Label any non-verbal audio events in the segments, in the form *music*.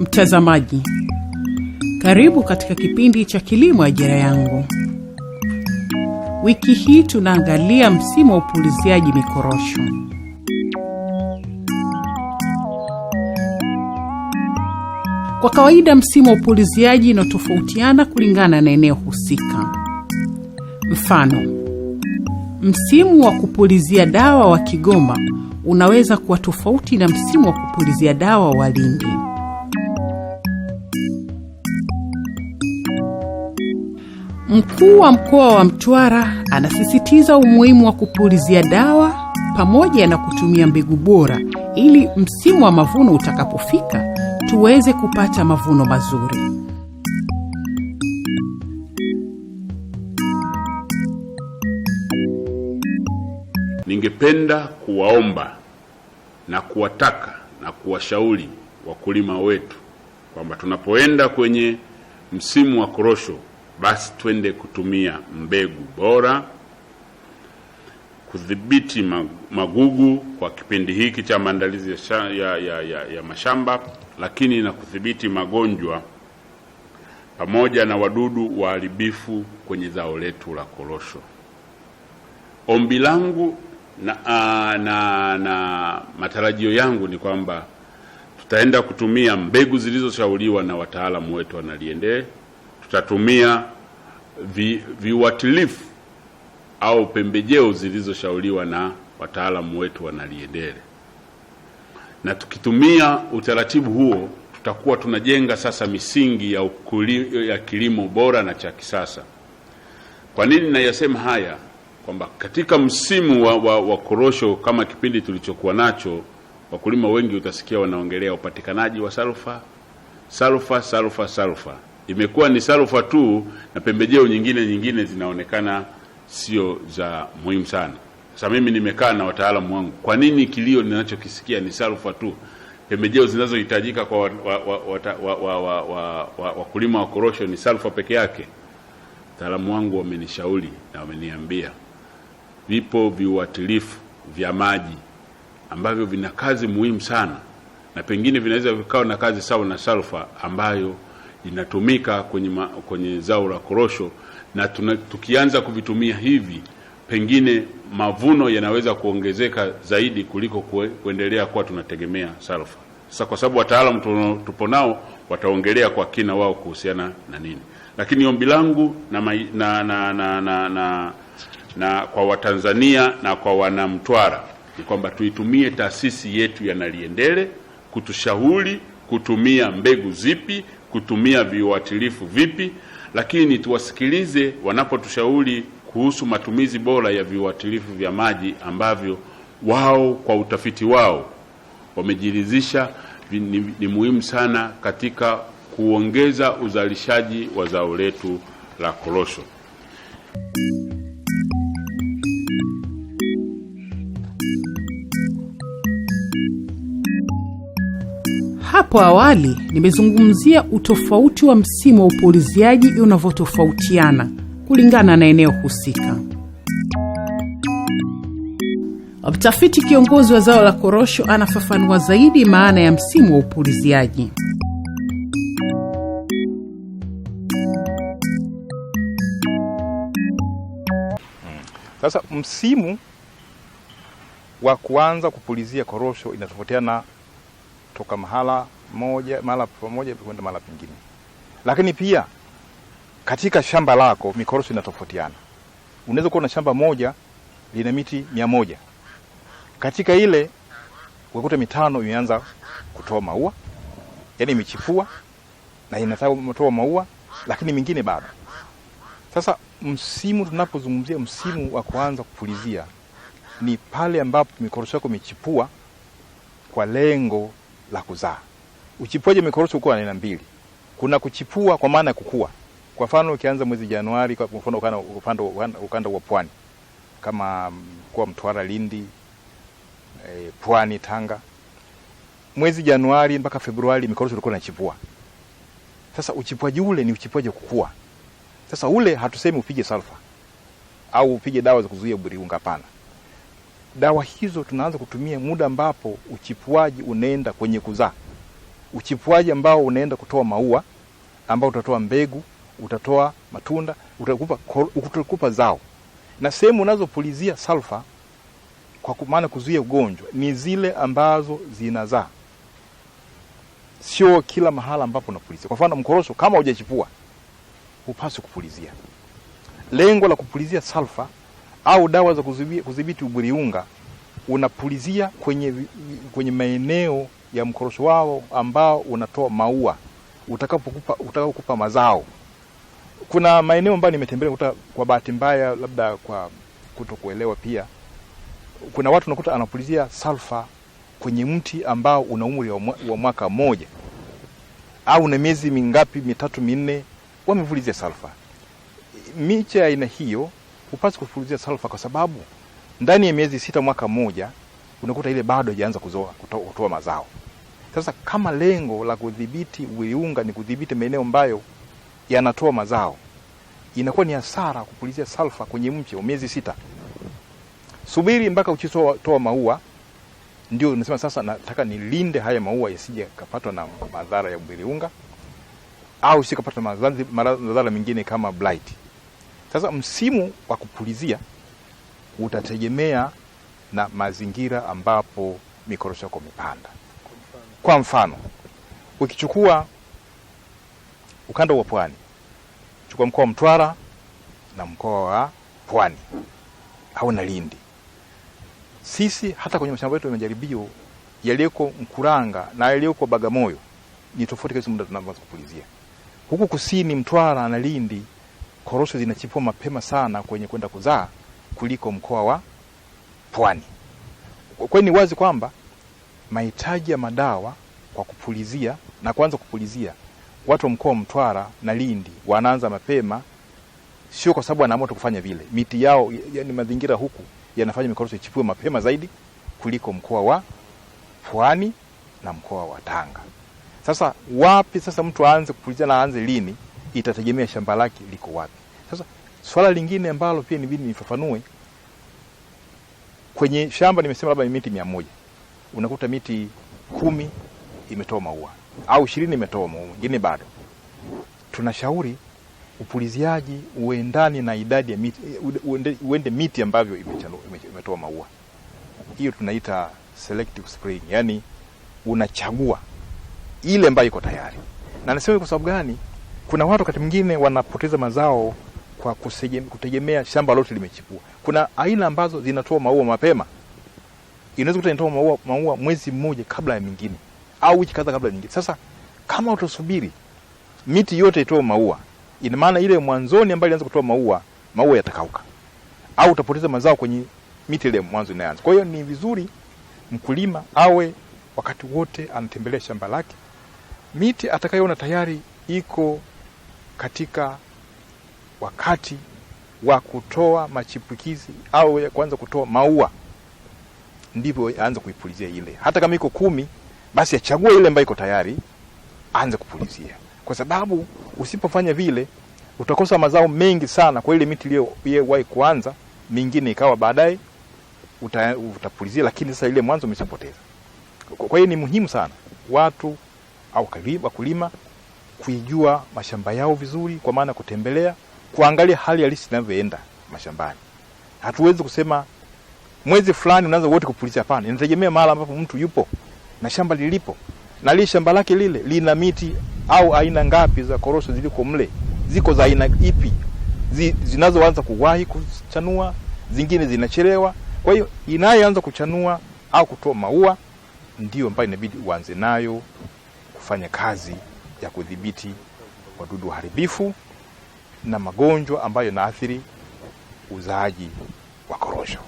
Mtazamaji, karibu katika kipindi cha Kilimo Ajira Yangu. Wiki hii tunaangalia msimu wa upuliziaji mikorosho. Kwa kawaida msimu wa upuliziaji inatofautiana kulingana na eneo husika. Mfano, msimu wa kupulizia dawa wa Kigoma unaweza kuwa tofauti na msimu wa kupulizia dawa wa Lindi. Mkuu wa mkoa wa Mtwara anasisitiza umuhimu wa kupulizia dawa pamoja na kutumia mbegu bora ili msimu wa mavuno utakapofika tuweze kupata mavuno mazuri. Ningependa kuwaomba na kuwataka na kuwashauri wakulima wetu kwamba tunapoenda kwenye msimu wa korosho basi twende kutumia mbegu bora, kudhibiti magugu kwa kipindi hiki cha maandalizi ya, ya, ya, ya, ya mashamba, lakini na kudhibiti magonjwa pamoja na wadudu waharibifu kwenye zao letu la korosho. Ombi langu na, na, na, na matarajio yangu ni kwamba tutaenda kutumia mbegu zilizoshauriwa na wataalamu wetu wanaliendee tutatumia vi, au pembejeo zilizoshauriwa na wataalamu wetu wanaliendele, na tukitumia utaratibu huo tutakuwa tunajenga sasa misingi ya, ukuli, ya kilimo bora na cha kisasa. Kwa nini nayasema haya? Kwamba katika msimu wa, wa, wa korosho kama kipindi tulichokuwa nacho, wakulima wengi utasikia wanaongelea upatikanaji wa salfa salfa salfa salfa imekuwa ni salfa tu na pembejeo nyingine nyingine zinaonekana sio za muhimu sana. Sasa mimi nimekaa na wataalamu wangu, kwa nini kilio ninachokisikia ni salfa tu? Pembejeo zinazohitajika kwa wakulima wa korosho ni salfa peke yake. Wataalamu wangu wamenishauri na wameniambia vipo viuatilifu vya maji ambavyo vina kazi muhimu sana na pengine vinaweza vikawa na kazi sawa na salfa ambayo inatumika kwenye, ma, kwenye zao la korosho na tuna, tukianza kuvitumia hivi pengine mavuno yanaweza kuongezeka zaidi kuliko kue, kuendelea kuwa tunategemea salfa. Sasa kwa sababu wataalamu tupo nao wataongelea kwa kina wao kuhusiana na nini, lakini ombi langu na, na, na, na, na, na, na kwa Watanzania na kwa Wanamtwara ni kwamba tuitumie taasisi yetu ya Naliendele kutushauri kutumia mbegu zipi kutumia viuatilifu vipi, lakini tuwasikilize wanapotushauri kuhusu matumizi bora ya viuatilifu vya maji ambavyo wao kwa utafiti wao wamejiridhisha ni, ni muhimu sana katika kuongeza uzalishaji wa zao letu la korosho. Hapo awali nimezungumzia utofauti wa msimu wa upuliziaji unavyotofautiana kulingana na eneo husika. Mtafiti kiongozi wa zao la korosho anafafanua zaidi maana ya msimu wa upuliziaji. Sasa msimu wa kuanza kupulizia korosho inatofautiana kutoka mahala moja mahala pamoja kwenda mahala pengine. Lakini pia katika shamba lako mikorosi inatofautiana. Unaweza kuwa na shamba moja lina miti mia moja, katika ile ukakuta mitano imeanza kutoa maua, yaani imechipua na inatoa maua, lakini mingine bado. Sasa msimu, tunapozungumzia msimu wa kuanza kupulizia, ni pale ambapo mikorosi yako imechipua kwa lengo la kuzaa. Uchipuaji wa mikorocho huko aina mbili, kuna kuchipua kwa maana ya kukua. Kwa mfano ukianza mwezi Januari, kwa mfano ukanda ukanda wa pwani kama mm, kwa Mtwara, Lindi, e, Pwani, Tanga, mwezi Januari mpaka Februari mikorosho ilikuwa inachipua. Sasa uchipuaji ule ni uchipuaji wa kukua. Sasa ule hatusemi upige salfa au upige dawa za kuzuia buriunga, hapana dawa hizo tunaanza kutumia muda ambapo uchipuaji unaenda kwenye kuzaa, uchipuaji ambao unaenda kutoa maua, ambao utatoa mbegu, utatoa matunda, utakupa, utakupa zao. Na sehemu unazopulizia salfa kwa maana kuzuia ugonjwa ni zile ambazo zinazaa, sio kila mahala ambapo unapulizia. Kwa mfano, mkorosho kama hujachipua hupaswi kupulizia. Lengo la kupulizia salfa au dawa za kudhibiti uburiunga unapulizia kwenye, kwenye maeneo ya mkorosho wao ambao unatoa maua utakapokupa utakapokupa mazao. Kuna maeneo ambayo nimetembelea kuta, kwa bahati mbaya, labda kwa kutokuelewa pia, kuna watu nakuta anapulizia salfa kwenye mti ambao una umri wa mwaka mmoja au na miezi mingapi mitatu minne, wamevulizia salfa. Miche aina hiyo hupasi kufulizia salfa, kwa sababu ndani ya miezi sita mwaka mmoja unakuta ile bado haijaanza kuzoa kutoa mazao. Sasa kama lengo la kudhibiti wiliunga ni kudhibiti maeneo ambayo yanatoa mazao, inakuwa ni hasara kupulizia salfa kwenye mche wa miezi sita. Subiri mpaka ukitoa maua, ndio unasema sasa nataka nilinde haya maua yasije kapatwa na madhara ya wiliunga au sikapata madhara mengine kama blight. Sasa msimu wa kupulizia utategemea na mazingira ambapo mikorosho yako imepanda. Kwa mfano, ukichukua ukanda wa pwani, chukua mkoa wa Mtwara na mkoa wa Pwani au na Lindi, sisi hata kwenye mashamba yetu ya majaribio yaliyoko Mkuranga na yaliyoko Bagamoyo ni tofauti kabisa muda tunaanza kupulizia. Huku kusini Mtwara na Lindi korosho zinachipua mapema sana kwenye kwenda kuzaa kuliko mkoa wa Pwani. Kwa hiyo ni wazi kwamba mahitaji ya madawa kwa kupulizia na kuanza kupulizia, watu wa mkoa wa Mtwara na Lindi wanaanza mapema, sio kwa sababu wanaamua kufanya vile, miti yao yani mazingira huku yanafanya mikorosho ichipue mapema zaidi kuliko mkoa wa Pwani na mkoa wa Tanga. Sasa wapi sasa mtu aanze kupulizia na aanze lini? itategemea shamba lake liko wapi. Sasa swala lingine ambalo pia nibidi nifafanue kwenye shamba, nimesema labda ni miti mia moja, unakuta miti kumi imetoa maua au ishirini imetoa maua, nyingine bado. Tunashauri upuliziaji uendane na idadi ya miti, uende miti ambavyo imetoa maua. Hiyo tunaita selective spraying, yani unachagua ile ambayo iko tayari. Na nasema kwa sababu gani? Kuna watu wakati mwingine wanapoteza mazao kwa kutegemea shamba lote limechipua. Kuna aina ambazo zinatoa maua mapema, inaweza kuta inatoa maua, maua mwezi mmoja kabla ya mingine au wiki kadhaa kabla ya mingine. Sasa kama utasubiri miti yote itoe maua, ina maana ile mwanzoni ambayo ilianza kutoa maua, maua yatakauka au utapoteza mazao kwenye miti ile mwanzo inaanza. Kwa hiyo ni vizuri mkulima awe wakati wote anatembelea shamba lake, miti atakayoona tayari iko katika wakati wa kutoa machipukizi au kuanza kutoa maua, ndivyo aanze kuipulizia ile. Hata kama iko kumi, basi achague ile ambayo iko tayari aanze kupulizia, kwa sababu usipofanya vile utakosa mazao mengi sana kwa ile miti iliyowahi kuanza, mingine ikawa baadaye uta, utapulizia, lakini sasa ile mwanzo umeshapoteza. Kwa hiyo ni muhimu sana watu au wakulima kuijua mashamba yao vizuri, kwa maana kutembelea, kuangalia hali halisi inavyoenda mashambani. Hatuwezi kusema mwezi fulani unaanza wote kupuliza, hapana. Inategemea mahali ambapo mtu yupo na shamba lilipo na lile shamba lake lile lina miti au aina ngapi za korosho ziliko mle, ziko za aina ipi, zi, zinazoanza kuwahi kuchanua, zingine zinachelewa. Kwa hiyo inayoanza kuchanua au kutoa maua ndio ambayo inabidi uanze nayo kufanya kazi ya kudhibiti wadudu waharibifu na magonjwa ambayo naathiri uzaaji wa korosho.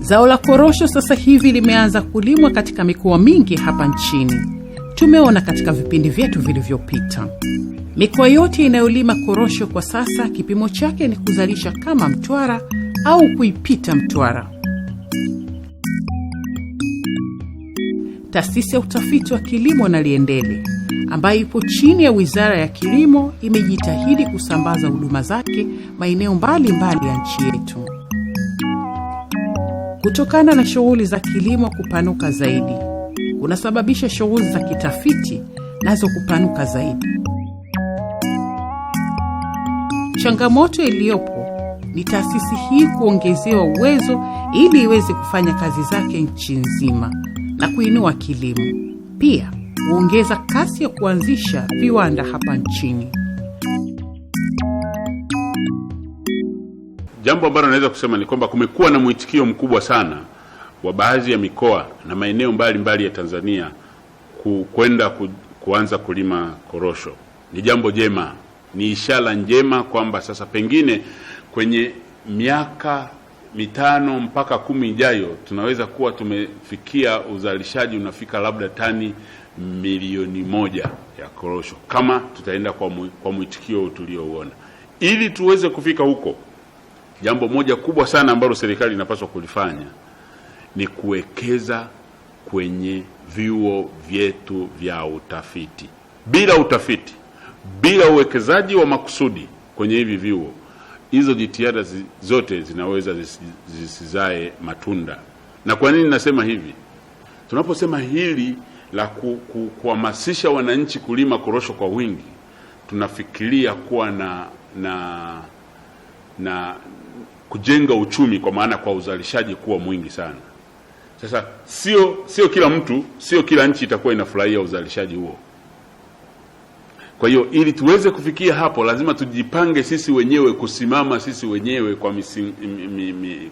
Zao la korosho sasa hivi limeanza kulimwa katika mikoa mingi hapa nchini. Tumeona katika vipindi vyetu vilivyopita, mikoa yote inayolima korosho kwa sasa kipimo chake ni kuzalisha kama Mtwara au kuipita Mtwara. Taasisi ya utafiti wa kilimo na liendele ambayo ipo chini ya Wizara ya Kilimo imejitahidi kusambaza huduma zake maeneo mbalimbali ya nchi yetu. Kutokana na shughuli za kilimo kupanuka zaidi kunasababisha shughuli za kitafiti nazo kupanuka zaidi. Changamoto iliyopo ni taasisi hii kuongezewa uwezo ili iweze kufanya kazi zake nchi nzima na kuinua kilimo. Pia huongeza kasi ya kuanzisha viwanda hapa nchini. Jambo ambalo naweza kusema ni kwamba kumekuwa na mwitikio mkubwa sana wa baadhi ya mikoa na maeneo mbalimbali ya Tanzania kwenda ku, kuanza kulima korosho. Ni jambo jema, ni ishara njema kwamba sasa pengine kwenye miaka mitano mpaka kumi ijayo tunaweza kuwa tumefikia uzalishaji unafika labda tani milioni moja ya korosho kama tutaenda kwa mwitikio tuliouona. Ili tuweze kufika huko, jambo moja kubwa sana ambalo serikali inapaswa kulifanya ni kuwekeza kwenye vyuo vyetu vya utafiti. Bila utafiti, bila uwekezaji wa makusudi kwenye hivi vyuo hizo jitihada zi, zote zinaweza zisizae matunda. Na kwa nini nasema hivi? Tunaposema hili la kuhamasisha ku, wananchi kulima korosho kwa wingi, tunafikiria kuwa na na na kujenga uchumi kwa maana kwa uzalishaji kuwa mwingi sana. Sasa sio sio kila mtu, sio kila nchi itakuwa inafurahia uzalishaji huo. Kwa hiyo ili tuweze kufikia hapo, lazima tujipange sisi wenyewe, kusimama sisi wenyewe kwa,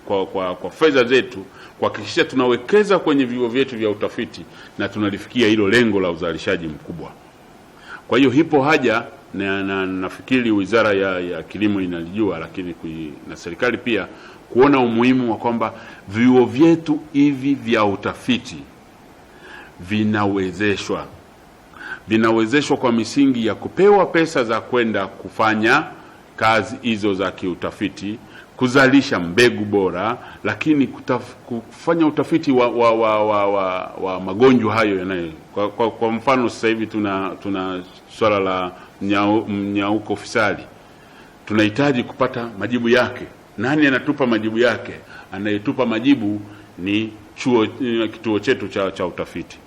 kwa, kwa, kwa fedha zetu kuhakikisha tunawekeza kwenye vyuo vyetu vya utafiti na tunalifikia hilo lengo la uzalishaji mkubwa. Kwa hiyo hipo haja na, na, nafikiri wizara ya, ya kilimo inalijua, lakini kui, na serikali pia kuona umuhimu wa kwamba vyuo vyetu hivi vya utafiti vinawezeshwa vinawezeshwa kwa misingi ya kupewa pesa za kwenda kufanya kazi hizo za kiutafiti, kuzalisha mbegu bora, lakini kutaf, kufanya utafiti wa, wa, wa, wa, wa, wa magonjwa hayo yanayo kwa, kwa, kwa mfano sasa hivi tuna, tuna swala la mnyauko fisali tunahitaji kupata majibu yake. Nani anatupa majibu yake? Anayetupa majibu ni chuo, kituo chetu cha, cha utafiti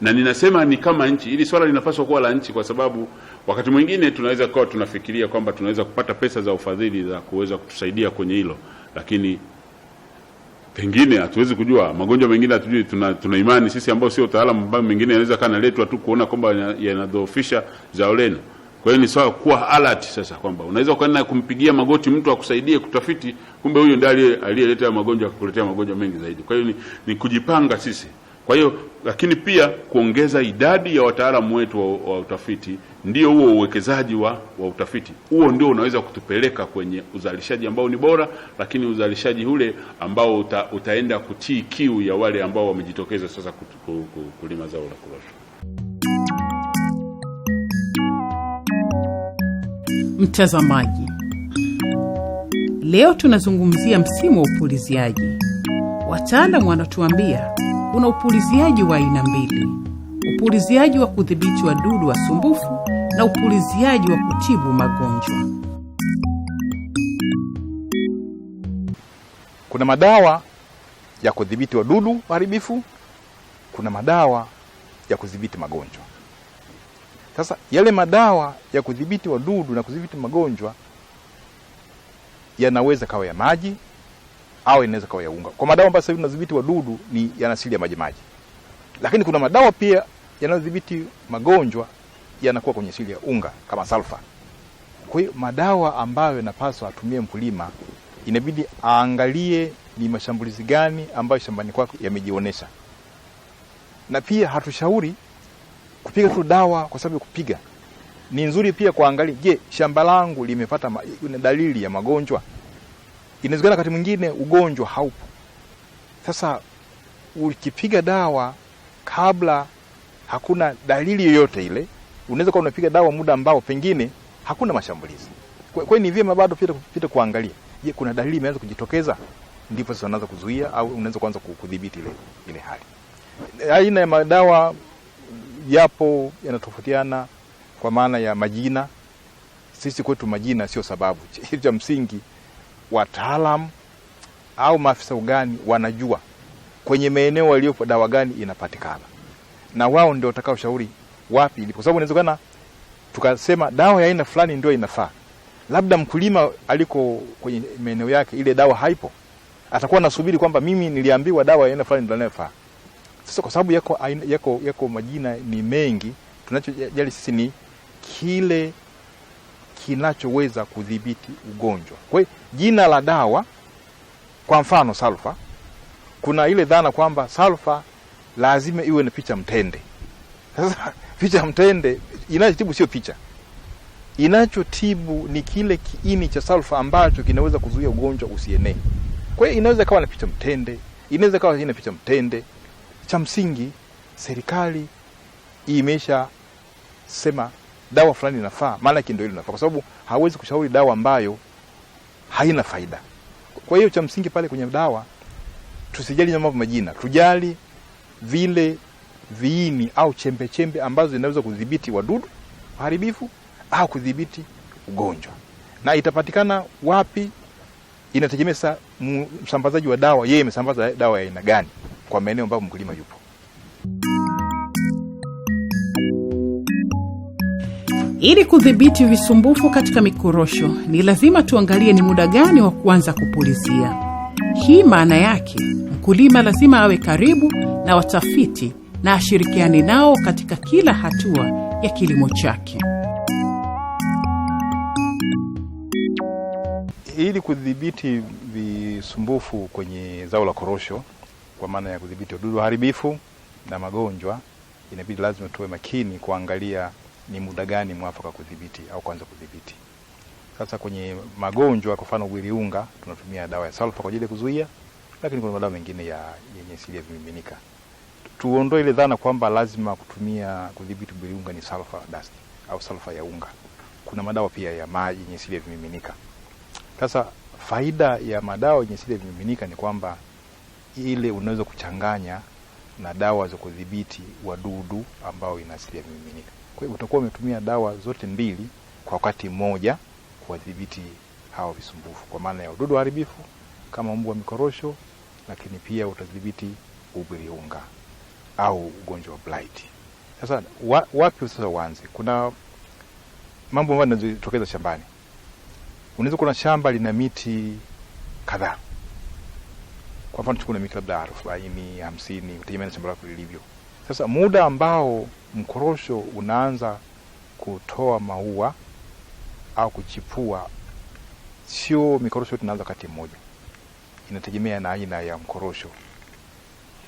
na ninasema ni kama nchi. ili swala linapaswa kuwa la nchi, kwa sababu wakati mwingine tunaweza kuwa tunafikiria kwamba tunaweza kupata pesa za ufadhili za kuweza kutusaidia kwenye hilo, lakini pengine hatuwezi kujua magonjwa mengine hatujui. Tuna, tuna imani sisi ambao sio wataalamu, ambayo mengine yanaweza kana letwa tu kuona kwamba yanadhoofisha zao lenu. Kwa hiyo ni swala kuwa alert sasa, kwamba unaweza ukaenda kumpigia magoti mtu akusaidie kutafiti, kumbe huyo ndiye aliyeleta magonjwa akakuletea magonjwa mengi zaidi. Kwa hiyo ni, ni kujipanga sisi. Kwa hiyo lakini pia kuongeza idadi ya wataalamu wetu wa, wa utafiti. Ndio huo uwekezaji wa, wa utafiti huo ndio unaweza kutupeleka kwenye uzalishaji ambao ni bora, lakini uzalishaji ule ambao uta, utaenda kutii kiu ya wale ambao wamejitokeza sasa kutu, kulima zao la korosho. Mtazamaji, leo tunazungumzia msimu wa upuliziaji. Wataalamu wanatuambia kuna upuliziaji wa aina mbili: upuliziaji wa kudhibiti wadudu wasumbufu na upuliziaji wa kutibu magonjwa. Kuna madawa ya kudhibiti wadudu waharibifu, kuna madawa ya kudhibiti magonjwa. Sasa yale madawa ya kudhibiti wadudu na kudhibiti magonjwa yanaweza kawa ya maji au inaweza kawa ya unga. Kwa madawa ambayo sasa hivi tunadhibiti wadudu ni yana asili ya maji. lakini kuna madawa pia yanayodhibiti magonjwa yanakuwa kwenye asili ya unga kama sulfa. Kwa hiyo madawa ambayo yanapaswa atumie mkulima inabidi aangalie ni mashambulizi gani ambayo shambani kwake yamejionyesha, na pia hatushauri kupiga tu dawa kwa sababu ya kupiga. Ni nzuri pia kuangalia, je, shamba langu limepata dalili ya magonjwa? Inawezekana wakati mwingine ugonjwa haupo. Sasa ukipiga dawa kabla hakuna dalili yoyote ile, unaweza kuwa unapiga dawa muda ambao pengine hakuna mashambulizi. Kwa hiyo ni vyema bado pita kuangalia, je, kuna dalili imeanza kujitokeza? Ndipo sasa unaanza kuzuia au unaweza kuanza kudhibiti ile, ile hali. Aina ya madawa yapo yanatofautiana kwa maana ya majina. Sisi kwetu majina sio sababu, cha msingi wataalam au maafisa ugani wanajua kwenye maeneo waliopo dawa gani inapatikana, na wao ndio watakaoshauri wapi ilipo, kwa sababu inawezekana tukasema dawa ya aina fulani ndio inafaa, labda mkulima aliko kwenye maeneo yake ile dawa haipo, atakuwa nasubiri kwamba mimi niliambiwa dawa ya aina fulani ndio inafaa. Sasa kwa sababu yako, yako, yako majina ni mengi, tunachojali sisi ni kile kinachoweza kudhibiti ugonjwa. Kwa hiyo jina la dawa, kwa mfano salfa, kuna ile dhana kwamba salfa lazima iwe ni picha mtende. Sasa *laughs* picha mtende inachotibu sio picha, inachotibu ni kile kiini cha salfa ambacho kinaweza kuzuia ugonjwa usienee. Kwa hiyo inaweza kawa na picha mtende, inaweza kawa ina picha mtende. Cha msingi serikali imesha sema dawa fulani inafaa, maana yake ndio ile inafaa, kwa sababu hawezi kushauri dawa ambayo haina faida. Kwa hiyo cha msingi pale kwenye dawa tusijali kwa majina, tujali vile viini au chembe chembe ambazo zinaweza kudhibiti wadudu waharibifu au kudhibiti ugonjwa. Na itapatikana wapi inategemea msambazaji wa dawa, yeye amesambaza dawa ya aina gani kwa maeneo ambayo mkulima yupo. Ili kudhibiti visumbufu katika mikorosho, ni lazima tuangalie ni muda gani wa kuanza kupulizia. Hii maana yake mkulima lazima awe karibu na watafiti na ashirikiane nao katika kila hatua ya kilimo chake. Ili kudhibiti visumbufu kwenye zao la korosho, kwa maana ya kudhibiti wadudu waharibifu na magonjwa, inabidi lazima tuwe makini kuangalia ni muda gani mwafaka kudhibiti au kuanza kudhibiti. Sasa kwenye magonjwa kwa mfano wiliunga tunatumia dawa ya sulfa kwa ajili ya kuzuia, lakini kuna madawa mengine ya yenye asili ya vimiminika. Tuondoe ile dhana kwamba lazima kutumia kudhibiti wiliunga ni sulfa dust au sulfa ya unga. Kuna madawa pia ya maji yenye asili ya vimiminika. Sasa faida ya madawa yenye asili ya vimiminika ni kwamba ile unaweza kuchanganya na dawa za kudhibiti wadudu ambao ina asili ya vimiminika. Kwa hiyo utakuwa umetumia dawa zote mbili kwa wakati mmoja kuwadhibiti hawa visumbufu, kwa maana ya wadudu waharibifu kama mbu wa mikorosho, lakini pia utadhibiti ubiriunga au ugonjwa wa blight. Sasa wa, wapi sasa uanze? Kuna mambo ambayo yanajitokeza shambani. Unaweza kuna shamba lina miti kadhaa, kwa mfano chukua na miti labda arobaini hamsini, utategemea na shamba lako lilivyo. Sasa muda ambao mkorosho unaanza kutoa maua au kuchipua, sio mikorosho yote inaanza wakati mmoja, inategemea na aina ya mkorosho.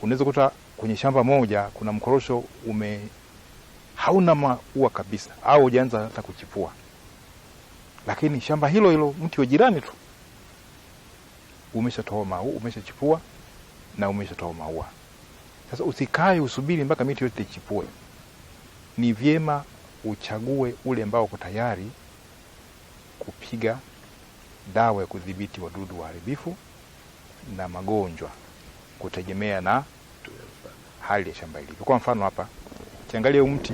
Unaweza kuta kwenye shamba moja kuna mkorosho ume hauna maua kabisa, au hujaanza hata kuchipua, lakini shamba hilo hilo mti wa jirani tu umeshatoa maua, umeshachipua na umeshatoa maua. Sasa usikae usubiri mpaka miti yote ichipue, ni vyema uchague ule ambao uko tayari kupiga dawa ya kudhibiti wadudu waharibifu na magonjwa kutegemea na hali ya shamba ilivyo. Kwa mfano hapa kiangalia mti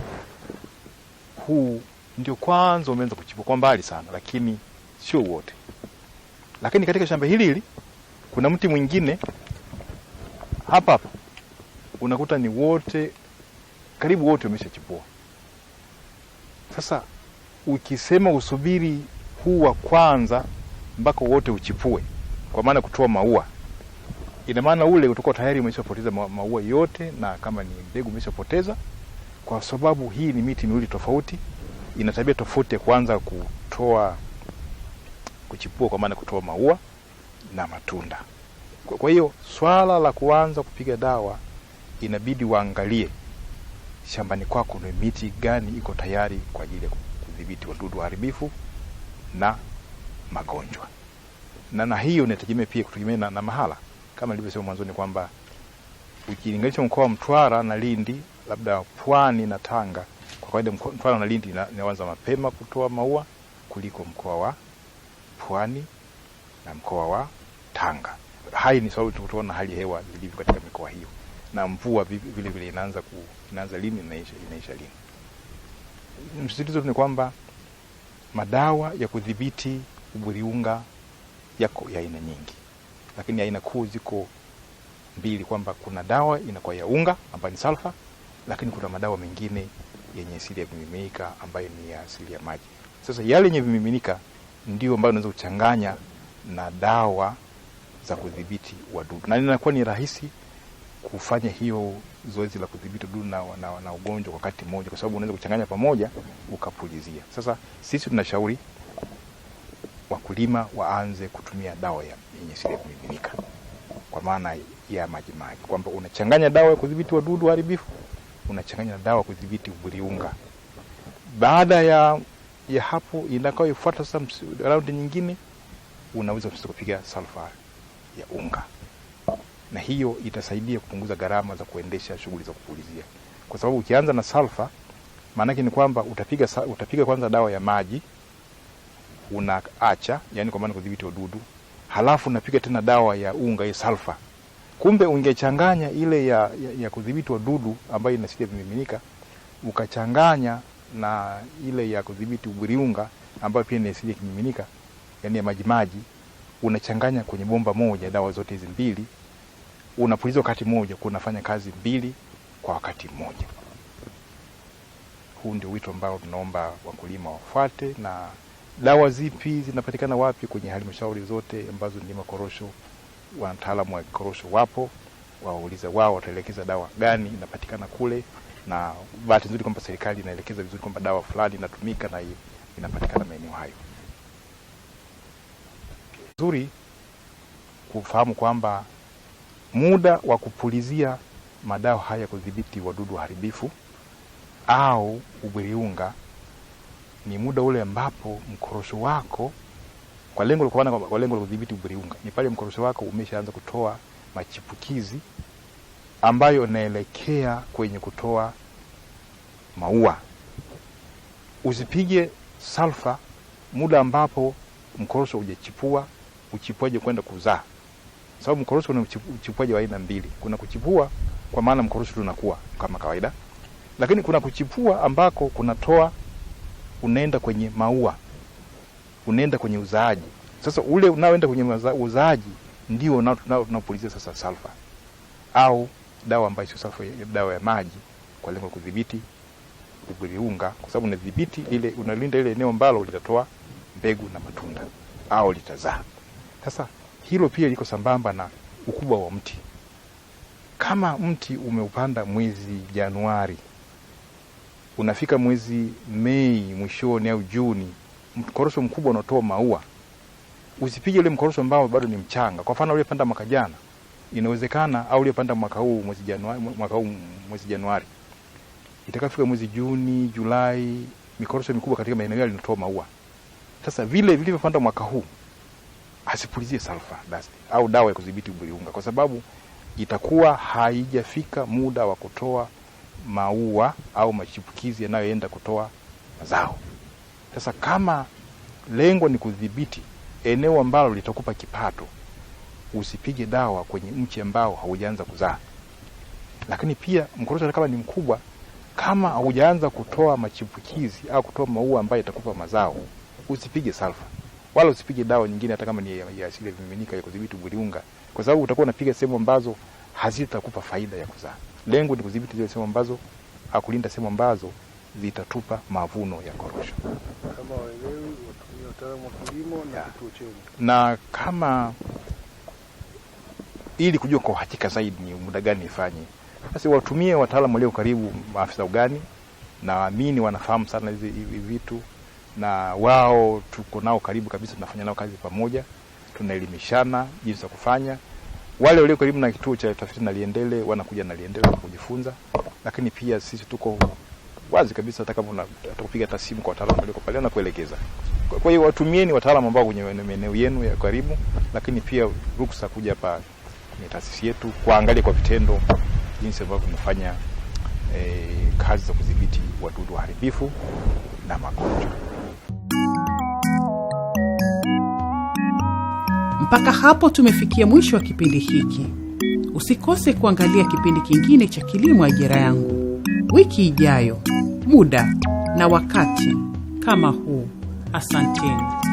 huu ndio kwanza umeanza kuchipua kwa mbali sana, lakini sio wote. Lakini katika shamba hili hili kuna mti mwingine hapa hapa unakuta ni wote karibu wote wameshachipua. Sasa ukisema usubiri huu wa kwanza mpaka wote uchipue, kwa maana kutoa maua, ina maana ule utakuwa tayari umeshapoteza maua yote, na kama ni mbegu umeshapoteza, kwa sababu hii ni miti miwili tofauti, ina tabia tofauti ya kuanza kutoa kuchipua, kwa maana kutoa maua na matunda. Kwa hiyo swala la kuanza kupiga dawa inabidi waangalie shambani kwako ni miti gani iko tayari kwa ajili ya kudhibiti wadudu waharibifu na magonjwa, na na hiyo inategemea pia kutegemea na, na mahala kama nilivyosema mwanzoni kwamba ukilinganisha mkoa wa Mtwara na Lindi, labda Pwani na Tanga, kwa kawaida Mtwara na Lindi inaanza mapema kutoa maua kuliko mkoa wa Pwani na mkoa wa Tanga. Hai ni sababu tunaona hali ya hewa zilivyo katika mikoa hiyo na mvua vile vile inaanza ku, inaanza lini inaisha, inaisha lini. Msisitizo ni kwamba madawa ya kudhibiti uburiunga yako ya aina nyingi, lakini aina kuu ziko mbili, kwamba kuna dawa inakuwa ya unga ambayo ni salfa, lakini kuna madawa mengine yenye asili ya vimiminika ambayo ni ya asili ya maji. Sasa yale yenye vimiminika ndio ambayo unaweza kuchanganya na dawa za kudhibiti wadudu na inakuwa ni rahisi kufanya hiyo zoezi la kudhibiti dudu na, na, na ugonjwa kwa wakati mmoja, kwa sababu unaweza kuchanganya pamoja ukapulizia. Sasa sisi tunashauri wakulima waanze kutumia dawa yenye asili ya kumiminika, kwa maana ya majimaji, kwamba unachanganya dawa ya kudhibiti wadudu waharibifu, unachanganya na dawa ya kudhibiti buriunga. Baada ya, ya hapo ifuata sasa raundi nyingine, unaweza kupiga salfa ya unga na hiyo itasaidia kupunguza gharama za kuendesha shughuli za kupulizia, kwa sababu ukianza na sulfa, maanake ni kwamba utapiga, utapiga kwanza dawa ya maji unaacha, yani kwa maana kudhibiti wadudu, halafu unapiga tena dawa ya unga hii sulfa. Kumbe ungechanganya ile ya, ya, ya kudhibiti wadudu ambayo inasidia vimiminika ukachanganya na ile ya kudhibiti ubiriunga ambayo pia inasidia kimiminika, yani ya majimaji, unachanganya kwenye bomba moja dawa zote hizi mbili unapuliza wakati mmoja, kunafanya kazi mbili kwa wakati mmoja. Huu ndio wito ambao tunaomba wakulima wafuate. Na dawa zipi zinapatikana wapi? Kwenye halmashauri zote ambazo ni makorosho, wataalamu wa korosho wapo, wawauliza wao wataelekeza dawa gani inapatikana kule, na bahati nzuri kwamba serikali inaelekeza vizuri kwamba dawa fulani inatumika na inapatikana maeneo hayo. Nzuri kufahamu kwamba muda wa kupulizia madawa haya kudhibiti wadudu waharibifu au ubwiriunga ni muda ule ambapo mkorosho wako kwa lengo kwa lengo la kudhibiti ubwiriunga ni pale mkorosho wako umeshaanza kutoa machipukizi ambayo inaelekea kwenye kutoa maua. Usipige salfa muda ambapo mkorosho hujachipua, uchipuaje kwenda kuzaa sababu mkorosho kuna uchipuaji wa aina mbili. Kuna kuchipua kwa maana mkorosho tunakuwa kama kawaida, lakini kuna kuchipua ambako kunatoa, unaenda kwenye maua, unaenda kwenye uzaaji. Sasa ule unaoenda kwenye uzaaji ndio tunapulizia sasa salfa au dawa ambayo sio salfa, dawa ya maji kwa lengo la kudhibiti viguriunga, kwa sababu unadhibiti ile, unalinda ile eneo ambalo litatoa mbegu na matunda au litazaa sasa hilo pia liko sambamba na ukubwa wa mti. Kama mti umeupanda mwezi Januari, unafika mwezi Mei mwishoni au Juni, mkorosho mkubwa unatoa maua, usipige ule mkorosho ambao bado ni mchanga. Kwa mfano uliyepanda mwaka jana, inawezekana au panda mwaka huu mwezi Januari, mwaka huu mwezi Januari, itakafika mwezi Juni, Julai, mikorosho mikubwa katika maeneo yale inatoa maua. Sasa vile vilivyopanda mwaka huu asipulizie sulfur dust au dawa ya kudhibiti uburiunga kwa sababu itakuwa haijafika muda wa kutoa maua au machipukizi yanayoenda kutoa mazao. Sasa kama lengo ni kudhibiti eneo ambalo litakupa kipato, usipige dawa kwenye mche ambao haujaanza kuzaa. Lakini pia mkorosho kama ni mkubwa, kama haujaanza kutoa machipukizi au kutoa maua ambayo itakupa mazao, usipige salfa wala usipige dawa nyingine, hata kama ni ya asili ya vimiminika ya kudhibiti mwiliunga, kwa sababu utakuwa unapiga sehemu ambazo hazitakupa faida ya kuzaa. Lengo ni kudhibiti zile sehemu ambazo akulinda, sehemu ambazo zitatupa mavuno ya korosho. Kama waelewi wataalamu wa kilimo na kituo chenu, na kama ili kujua kwa uhakika zaidi ni muda gani nifanye, basi watumie wataalamu walio karibu, maafisa ugani, naamini wanafahamu sana hivi vitu na wao tuko nao karibu kabisa, tunafanya nao kazi pamoja, tunaelimishana jinsi ya kufanya. Wale walio karibu na kituo cha utafiti Naliendele wanakuja Naliendele na kujifunza, lakini pia sisi tuko wazi kabisa, hata kama atakapopiga tasimu kwa wataalamu walioko pale na kuelekeza. Kwa hiyo watumieni wataalamu ambao kwenye maeneo yenu ya karibu, lakini pia ruksa kuja hapa kwenye taasisi yetu kuangalia kwa vitendo jinsi ambavyo tunafanya eh, kazi za kudhibiti wadudu waharibifu na magonjwa. Mpaka hapo tumefikia mwisho wa kipindi hiki. Usikose kuangalia kipindi kingine cha Kilimo Ajira Yangu wiki ijayo, muda na wakati kama huu. Asanteni.